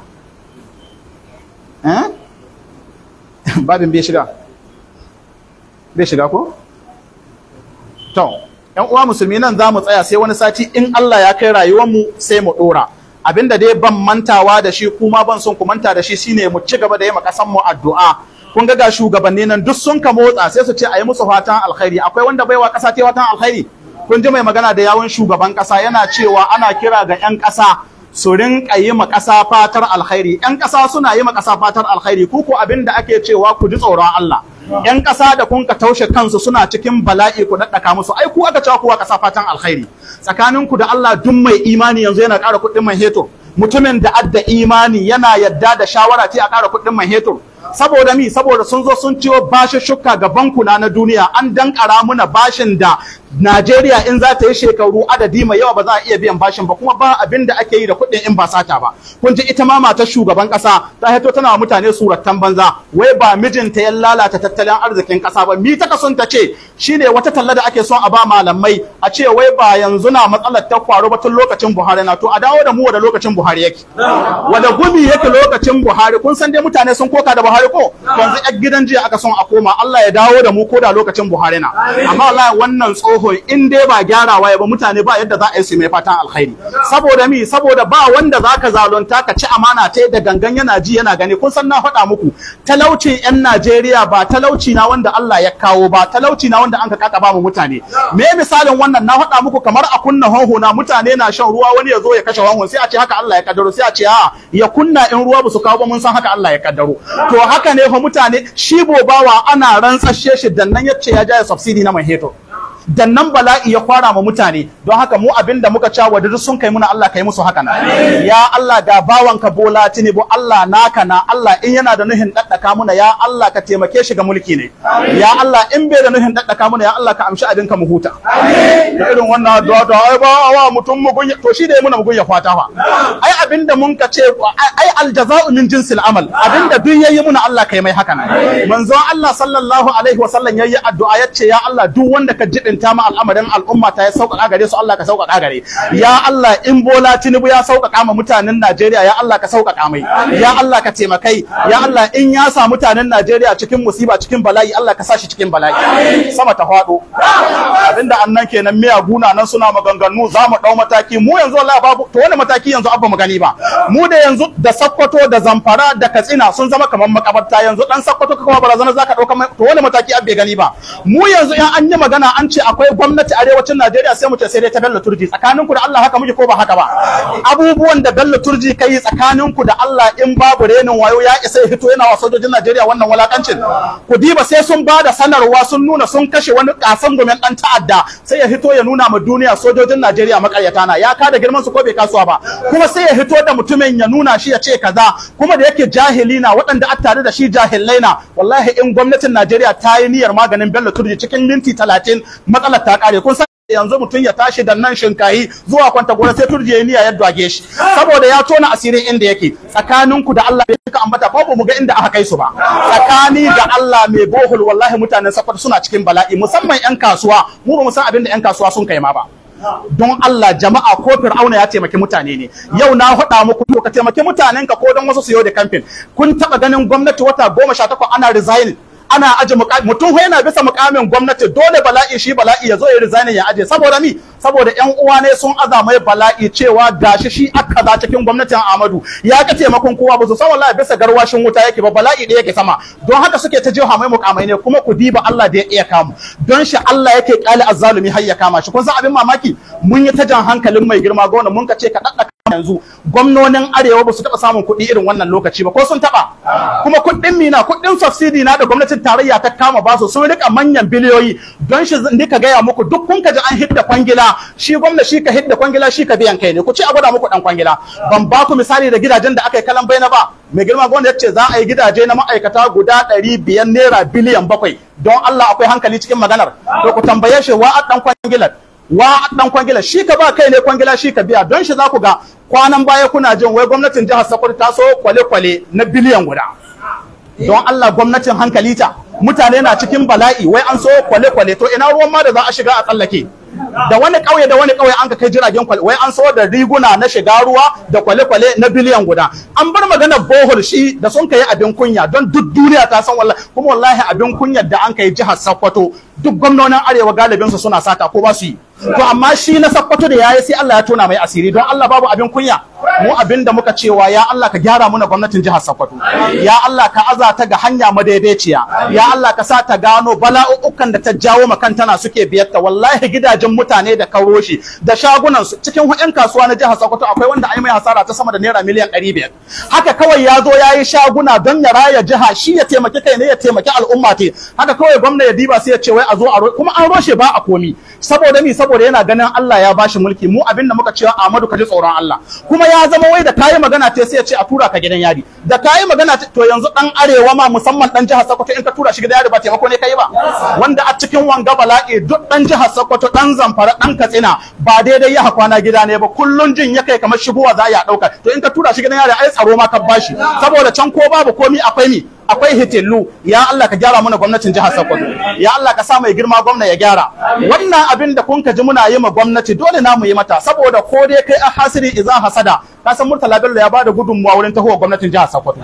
eh? babin bai shiga bai shiga ko to ƴan uwa musulmi nan za mu tsaya sai wani sati in Allah ya kai rayuwar mu sai mu ɗora abinda dai ban mantawa da shi kuma ban son ku manta da shi shine mu ci gaba da yi kasan mu addu'a kun ga ga shugabanni nan duk sun ka motsa sai su ce a yi musu fatan alkhairi akwai wanda baiwa kasa ta fatan alkhairi kun ji mai magana da yawon shugaban kasa yana cewa ana kira ga yan kasa su rinka yi ma kasa fatar alkhairi yan kasa suna yi ma kasa fatar alkhairi ku ko abinda ake cewa ku ji tsoron Allah yan ƙasa da kun ka taushe kansu suna cikin bala'i ku daddaka musu ai ku aka cewa kuwa ka fatan alkhairi tsakanin ku da Allah duk mai imani yanzu yana ƙara kuɗin mai hetur mutumin da adda imani yana yadda da shawara ce a ƙara kuɗin mai hetur saboda mi saboda sun zo sun ciwo shukka ga bankuna na duniya an dankara muna bashin da Najeriya in za ta yi shekaru adadi mai yawa ba za a iya biyan bashin ba kuma ba abin da ake yi da kuɗin in ba sata ba kun ji ita ma matar shugaban ƙasa ta haito tana wa mutane surattan banza wai ba mijinta ya lalata tattalin arzikin ƙasa ba mi ta kasun ta ce shine wata talla da ake son a ba malamai a ce wai ba yanzu na matsalar ta faru ba tun lokacin Buhari na to a dawo da mu da lokacin Buhari yake wada gumi yake lokacin Buhari kun san dai mutane sun koka da Buhari aiko yanzu yan gidan jiya aka son a koma Allah ya dawo da mu ko da lokacin Buhari na amma wallahi wannan tsohon in dai ba gyarawa ya ba mutane ba yadda za a yi su mai fatan alkhairi saboda mi saboda ba wanda zaka zalunta ka ci amana ta da gangan yana ji yana gani kun san na faɗa muku talaucin yan Najeriya ba talauci na wanda Allah ya kawo ba talauci na wanda an ka kaka ba mu mutane me misalin wannan na faɗa muku kamar a kunna honho na mutane na shan ruwa wani ya zo ya kashe honho sai a ce haka Allah ya kaddaro sai a ce a ya kunna in ruwa ba su kawo ba mun san haka Allah ya kaddaro to haka ne fa mutane shi bawa ana rantsashe shi dan nan yace ya ja ya subsidy na mai heto da nan bala'i ya kwara ma mutane don haka mu abin da muka cewa duk sun kai muna Allah kai musu haka na ya Allah ga bawanka bola bo Allah naka na Allah in yana da nuhin daddaka muna ya Allah ka taimake shi ga mulki ne ya Allah in bai da nuhin daddaka muna ya Allah ka amshi abin ka mu huta da irin wannan addu'a da ai ba wa mutum mu gunya to shi da muna mu ya fata fa ai abinda mun ka ce ai aljaza'u min jinsil amal abinda duk yayi muna Allah kai mai haka na manzon Allah sallallahu alaihi wa sallam yayi addu'a yace ya Allah duk wanda ka jidin jibinta ma al'amarin al'umma ta ya sauƙaƙa gare su Allah ka sauƙaƙa gare ya Allah in Bola Tinubu ya sauƙaƙa ma mutanen Najeriya ya Allah ka sauƙaƙa mai ya Allah ka taimakai ya Allah in ya sa mutanen Najeriya cikin musiba cikin bala'i Allah ka sa shi cikin bala'i sama ta faɗo abinda annan kenan miya guna nan suna maganganu za mu ɗau mataki mu yanzu Allah babu to wani mataki yanzu abba mu gani ba mu da yanzu da Sakkwato da Zamfara da Katsina sun zama kamar makabarta yanzu dan Sakkwato ka kuma barazana zaka ɗauka to wani mataki abbe gani ba mu yanzu in an yi magana an ce akwai gwamnati arewacin Najeriya sai mu ce sai dai ta Bello Turji tsakanin ku da Allah haka muke ko ba haka ba abubuwan da Bello Turji kai tsakanin ku da Allah in babu renin wayo ya isa ya fito yana wa sojojin Najeriya wannan walakancin ku diba sai sun bada sanarwa sun nuna sun kashe wani kasan gumen dan ta'adda sai ya fito ya nuna ma duniya sojojin Najeriya makaryata na ya kada girman su ko bai kasuwa ba kuma sai ya fito da mutumin ya nuna shi ya ce kaza kuma da yake jahili na waɗanda a tare da shi jahilai na wallahi in gwamnatin Najeriya ta yi niyyar maganin Bello Turji cikin minti talatin matsalar ta kare kun san yanzu mutum ya tashi da nan shinkayi zuwa kwanta gora sai turje niyya ya dwage shi saboda ya tona asirin inda yake tsakaninku da Allah bai ka ambata babu mu ga inda aka kai su ba tsakani da Allah mai bohol wallahi mutanen safar suna cikin bala'i musamman yan kasuwa mu ba mu san abin da yan kasuwa sun kai ma ba don Allah jama'a ko Fir'auna ya taimaki mutane ne yau na faɗa muku ko ka taimaki mutanen ka ko don wasu su yau da kamfin kun taɓa ganin gwamnati wata goma sha takwas ana resign ana aje mutum yana bisa mukamin gwamnati dole bala'i shi bala'i ya zo ya rizani ya aje saboda mi saboda yan uwa ne sun aza mai bala'i cewa gashi shi aka za cikin gwamnatin Ahmadu ya ka taimakon kowa ba su san wallahi bisa garwashin wuta yake ba bala'i da yake sama don haka suke ta jiha mai mukamai ne kuma ku diba Allah da ya iya kamu don shi Allah yake kali azzalumi har ya kama shi kun san abin mamaki mun yi ta jan hankalin mai girma gona mun ka ce ka dadda yanzu gwamnonin arewa ba su taɓa samun kuɗi irin wannan lokaci ba ko sun taɓa kuma kuɗin mina kuɗin subsidy na da gwamnatin tarayya ta kama ba su sun rika manyan biliyoyi don shi ka gaya muku duk kun ka ji an hidda kwangila shi gwamna shi ka hidda kwangila shi ka biyan kai ne ku ce a gwada muku ɗan kwangila ban ba ku misali da gidajen da aka yi kalan baina ba mai girma gwamna ya ce za a yi gidaje na ma'aikata guda ɗari biyar naira biliyan bakwai don Allah akwai hankali cikin maganar to ku tambaye shi wa a ɗan kwangilar wa dan kwangila shi ka ba kai ne kwangila shi ka biya don shi za ku ga kwanan baya kuna jin wai gwamnatin jihar Sokoto ta so kwale-kwale na biliyan guda don Allah gwamnatin hankali ta mutane na cikin bala'i wai an so kwale-kwale to ina ruwan ma da za a shiga a tsallake da wani ƙauye da wani ƙauye an ka kai jiragen kwale wai an so da riguna na shiga ruwa da kwale-kwale na biliyan guda an bar magana bohol shi da sun kai abin kunya don duk duniya ta san wallahi kuma wallahi abin kunya da an kai jihar Sokoto duk gwamnonin arewa su suna sata ko ba su yi to amma shi na sakkwato da yayi sai Allah ya tona mai asiri don Allah babu abin kunya mu abin da muka cewa ya Allah ka gyara muna gwamnatin jihar Sokoto ya Allah ka azata ga hanya madaidaiciya ya Allah ka sa ta gano bala'ukan da ta jawo makan tana suke biyarta wallahi gidajen mutane da karoshi da shagunan su cikin hu'in kasuwa na jihar Sokoto akwai wanda ai mai hasara ta sama da naira miliyan 500 haka kawai ya zo yayi shaguna don ya raya jiha shi ya taimaki kai ne ya taimaki al'umma te haka kawai gwamnati ya diba sai ya ce wai a zo a kuma an roshe ba a komi saboda mi saboda saboda yana ganin Allah ya bashi mulki mu abin da muka cewa Ahmadu ka ji tsoron Allah kuma ya zama wai da kayi magana ce sai ya ce a tura ka gidan yari da kayi magana ce to yanzu dan arewa ma musamman dan jihar Sokoto in ka tura shi gidan yari ba taimako ne kai ba wanda a cikin wanga bala'i duk dan jihar Sokoto dan Zamfara dan Katsina ba daidai ya kwana gida ne ba kullun jin ya kai kamar shibuwa za ya dauka to in ka tura shi gidan yari ai tsaro ma ka bashi saboda can ko babu komi akwai mi. akwai hitillu ya Allah ka gyara mana gwamnatin jihar Sokoto ya Allah ka sa mai girma gwamna ya gyara wannan abin da kun ka ji muna yi ma gwamnati dole na mu yi mata saboda ko dai kai a hasiri idan hasada ka san Murtala Bello ya bada gudunmuwa wurin tahowa gwamnatin jihar Sokoto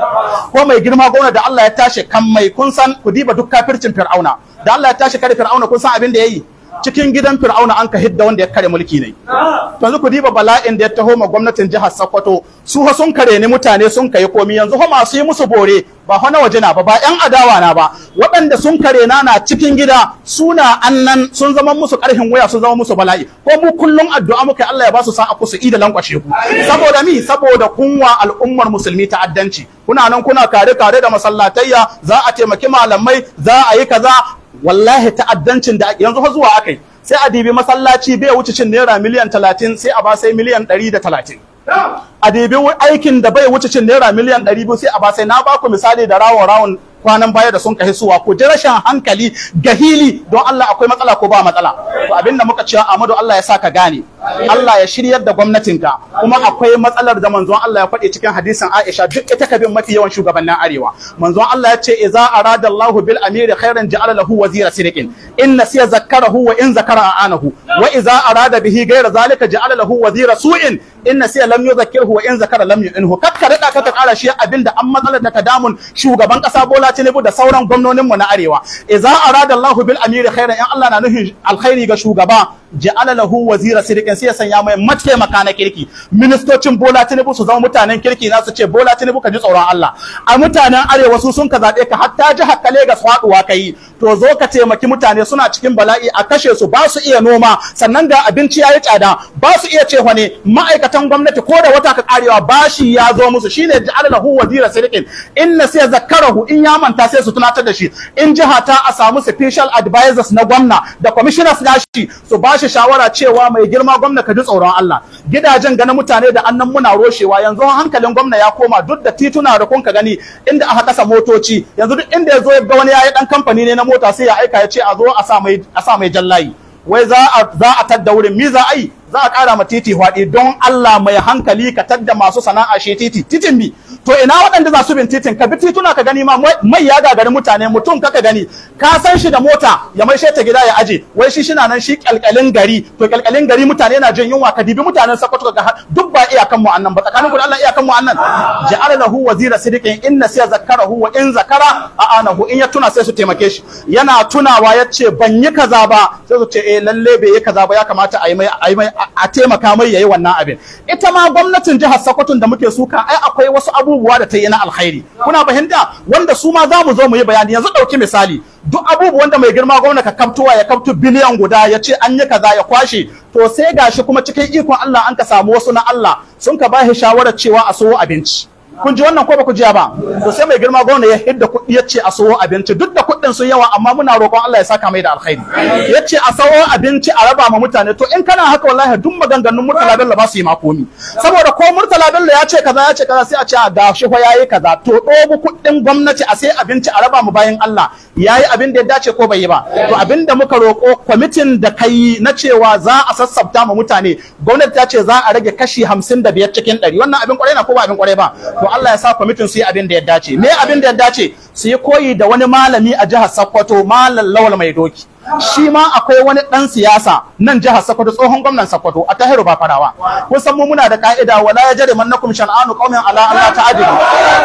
ko mai girma gwamna da Allah ya tashi kan mai kun san ku diba duk kafircin Fir'auna da Allah ya tashi kare Fir'auna kun san abin da yayi cikin gidan fir'auna an ka hidda wanda ya kare mulki ne yanzu ku diba bala'in da ya taho ma gwamnatin jihar Sokoto su ha sun kare ni mutane sun kai komi yanzu ha masu yi musu bore ba fa na waje na ba ba yan adawa na ba waɗanda sun kare na na cikin gida suna annan sun zama musu karhin waya sun zama musu bala'i ko mu kullum addu'a muka Allah ya ba su sa'a ku su ida lankwashe ku saboda mi saboda kunwa al'ummar musulmi ta'addanci kuna nan kuna kare kare da masallatayya za a taimaki malamai za a yi kaza wallahi ta'addancin da yanzu fa zuwa akai sai a dibi masallaci bai wuce cin naira miliyan talatin sai a ba sai miliyan ɗari da talatin a dibi aikin da bai wuce cin naira miliyan ɗari biyu sai a ba sai na ba ku misali da rawon rawon kwanan baya da sun kai suwa ko ji rashin hankali ga hili don Allah akwai matsala ko ba matsala to abinda muka cewa Amadu Allah ya saka gane Allah ya shiryar da gwamnatinka kuma akwai matsalar da manzon Allah ya faɗi cikin hadisin Aisha duk ita ka bin mafi yawan shugabannin arewa manzon Allah ya ce "Iza arada Allah bil amiri khairan ja'ala lahu wazira sidqin in nasiya zakkarahu wa in zakara anahu wa idza arada bihi ghayra zalika ja'ala lahu wazira su'in in nasiya lam yuzakkirhu wa in zakara lam yu'inhu kakka rada ka ta kara shi abinda an matsalar da damun shugaban kasa Bola Tinubu da sauran gwamnonin mu na arewa idza arada Allahu bil amiri khairan in Allah na nufin alkhairi ga shugaba ja'ala lahu wazira sirikin sai ya sanya mai mataimaka na kirki ministocin Bola Tinubu su zama mutanen kirki na su ce Bola Tinubu ka ji tsoron Allah a mutanen arewa su sun ka zabe ka hatta ji hakka Lagos faduwa kai to zo ka taimaki mutane suna cikin bala'i a kashe su ba su iya noma sannan ga abinci yayi tsada ba su iya cewa ne ma'aikatan gwamnati ko da wata ka karewa bashi ya zo musu shine ja'ala lahu wazira sirikin in na sai zakarahu in ya manta sai su tunatar da shi in jiha ta a samu special advisors na gwamna da commissioners na su ba bashi shawara cewa mai girma gwamna ka ji tsoron Allah gidajen ganin mutane da annan muna roshewa yanzu hankalin gwamna ya koma duk da tituna da kun ka gani inda aka kasa motoci yanzu duk inda ya ya ga wani yayi dan kamfani ne na mota sai ya aika ya ce a zo a sa mai a sa mai jallayi wai za a za a tadda wurin mi za a yi za a kara ma titi hwaɗe don Allah mai hankali ka tadda masu sana'a shi titi titin bi to ina waɗanda za su bin titin ka bi tituna ka gani ma mai ya gagari mutane mutum kaka gani ka san shi da mota ya mai ta gida ya aje wai shi shina nan shi kyalkyalin gari to kyalkyalin gari mutane na jin yunwa ka dibi mutanen Sokoto ga duk ba iyakan mu annan ba tsakanin ku da Allah iyakan mu annan ja'ala lahu wazira sidiqin inna siya zakarahu wa in zakara a'anahu in ya tuna sai su taimake shi yana tunawa yace ban yi kaza ba sai su ce eh lalle bai yi kaza ba ya kamata a yi mai a taimaka mai yayi wannan abin ita ma gwamnatin jihar Sokoto da muke suka ai akwai wasu abu abubuwa da ta yi na alkhairi kuna fahimta wanda su ma za mu zo mu yi bayani yanzu ɗauki misali duk abubuwan da mai girma gwamna ka kaftowa ya kaftu biliyan guda ya ce an yi kaza ya kwashe to sai gashi kuma cikin ikon Allah an ka samu wasu na Allah sun ka ba shi shawarar cewa a sowo abinci kun ji wannan ko ba ku jiya ba to sai mai girma gwamna ya hidda kuɗi ya ce a sawo abinci duk da kuɗin sun yawa amma muna roƙon Allah ya saka mai da alkhairi ya ce a sawo abinci a raba ma mutane to in kana haka wallahi duk maganganun Murtala Bello ba su yi makomi saboda ko Murtala Bello ya ce kaza ya ce kaza sai a ce ga shi fa yayi kaza to ɗobu kuɗin gwamnati a sai abinci a raba mu bayan Allah yayi abin da ya dace ko bai yi ba to abin da muka roƙo kwamitin da kai na cewa za a sassabta ma mutane gwamnati ta ce za a rage kashi 55 cikin 100 wannan abin kwarai na ko ba abin kwarai ba to Allah ya sa kwamitin su yi abin da ya dace me abin da ya dace su yi koyi da wani malami a jihar Sokoto malam Lawal Mai Doki shi ma akwai wani ɗan siyasa nan jihar Sokoto tsohon gwamnan Sokoto a Tahiru Bafarawa kun san mu muna da ka'ida wala ya yajrimannakum shan'anu qaumin ala Allah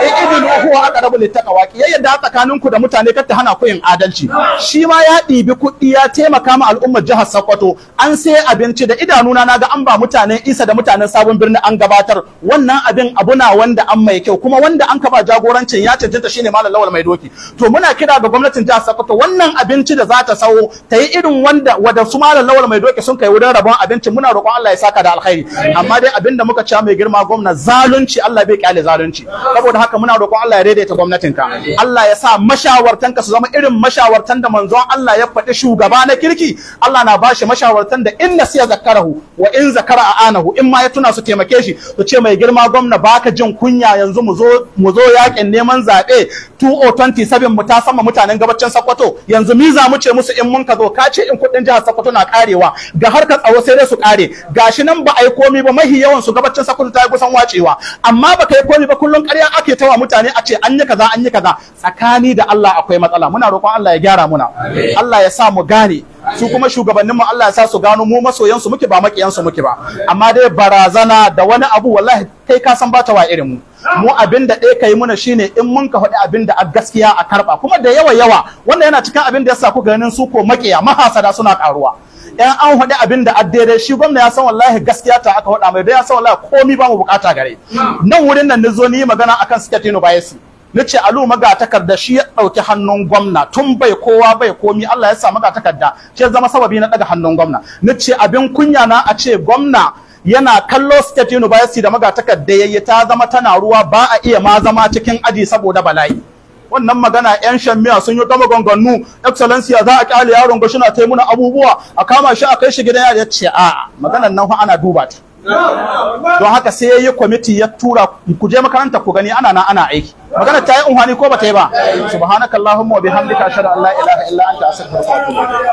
in idinu huwa aqrabu taqwa kiyayya da tsakanin ku da mutane kar ta hana ku yin adalci shi ma ya ɗibi kuɗi ya taimaka ma al'ummar jihar Sokoto an sai abinci da idanuna na ga an ba mutanen Isa da mutanen Sabon Birni an gabatar wannan abin abu na wanda an mai kyau kuma wanda an kaba jagorancin ya cancanta shine malam Lawal Mai Doki to muna kira ga gwamnatin jihar Sokoto wannan abinci da za ta sawo ta yi irin wanda wadansu malam lawal mai doke sun kai wurin rabon abinci muna roƙon Allah ya saka da alkhairi amma dai abinda muka cewa mai girma gwamna zalunci Allah bai kyale zalunci saboda haka muna roƙon Allah ya daidaita gwamnatinka Allah ya sa mashawartan ka su zama irin mashawartan da manzon Allah ya faɗi shugaba na kirki Allah na bashi mashawartan da in nasiya zakarahu wa in zakara anahu in ma ya tuna su taimake shi su ce mai girma gwamna baka jin kunya yanzu mu zo mu zo yakin neman zaɓe 2027 mu ta sama mutanen gabacin Sokoto yanzu miza mu ce musu in mun ka zo ka ce in kuɗin jihar Sokoto na karewa ga harkar tsaro sai dai su kare gashi nan ba ai komi ba mahi yawan su gabacin Sokoto ta yi kusan wacewa amma ba kai komi ba kullun ƙarya ake tawa mutane a ce an yi kaza an yi kaza tsakani da Allah akwai matsala muna roƙon Allah ya gyara muna Allah ya sa mu gane su kuma shugabannin mu Allah ya sa su gano mu masoyansu muke ba maƙiyansu muke ba amma dai barazana da wani abu wallahi kai ka san ba ta wa irin mu mu abin da ɗaya yi muna shine in mun ka faɗi abin da a gaskiya a karɓa kuma da yawa yawa wannan yana cikin abin da sa ku ganin su ko makiya mahasada suna karuwa ɗan an faɗi abin da addaidai shi gwamna ya san wallahi gaskiya ta aka faɗa mai da ya san wallahi komi ba mu bukata gare nan wurin nan na ni magana akan su. ni ce alu maga takarda shi ya ɗauki hannun gwamna tun bai kowa bai komi Allah ya sa maga takarda ce zama sababi na ɗaga hannun gwamna ce abin kunya na a ce gwamna yana kallo state university da magatakarda yayi ta zama tana ruwa ba a iya ma zama cikin aji saboda bala'i wannan magana yan miya sun yi ta maganganu excellency za a kyale yaron ga shina taimuna abubuwa a kama shi a kai shi gidan ya ce a maganar nan fa ana duba ta don haka sai yayi kwamiti ya tura ku je makaranta ku gani ana na ana aiki magana ta yi unhani ko ba ta yi ba subhanakallahumma wa bihamdika ashhadu an la ilaha illa anta astaghfiruka wa atubu